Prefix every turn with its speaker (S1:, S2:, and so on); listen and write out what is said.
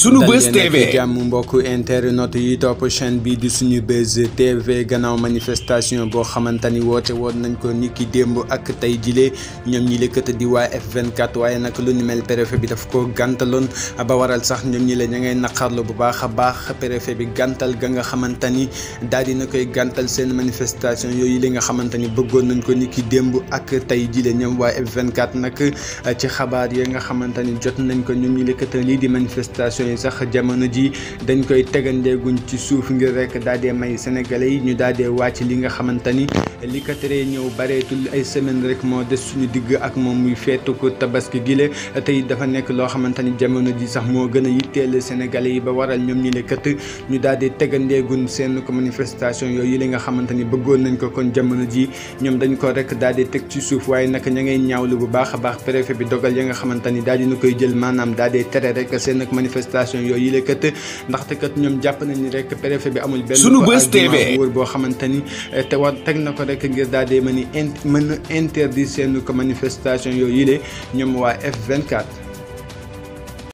S1: sunu bës TV
S2: jàmm mbokk internet yi topp chaîne bi di suñu bës TV gannaaw manifestation boo xamante ni woote woon nañ ko niki démb ak tey jilee ñoom ñi lëkkata di waa F24 waaye nag lu ni mel préfet bi daf ko gàntaloon ba waral sax ñoom ñi la ña ngay naqarlu bu baax a baax préfet bi gàntal ga nga xamante ni daal dina koy gàntal seen manifestation yooyu li nga xamante ni bëggoon nañ ko niki démb ak tey jilee ñoom waa F24 nag ci xabaar yi nga xamante ni jot nañ ko ñoom ñu lëkkata lii di manifestation ne sax jamono ji dañ koy tegandeeguñ ci suuf ngir rek daal dee may sénégalais yi ñu daal dee wàcc li nga xamante ni li ko teree ñëw bareetul ay semaine rek moo des suñu digg ak moom muy feetu ko tabaski gile tey dafa nekk loo xamante ni jamono ji sax moo gën a yitteel sénégalais yi ba waral ñoom ñi le kët ñu daal di tegandeeguñ seen ko manifestation yooyu li nga xamante ni bëggoon nañ ko kon jamono ji ñoom dañ ko rek daal teg ci suuf waaye nag ña ngay ñaawlu a manifestation yooyu la kat ndaxte kat ñoom jàpp nañ ni rek préfet bi amul benn sunu bës TV wóor boo xamante ni eh, te war teg na ko rek ngir daal di mën a mën a interdire seen ko manifestation yooyu la ñoom waa F24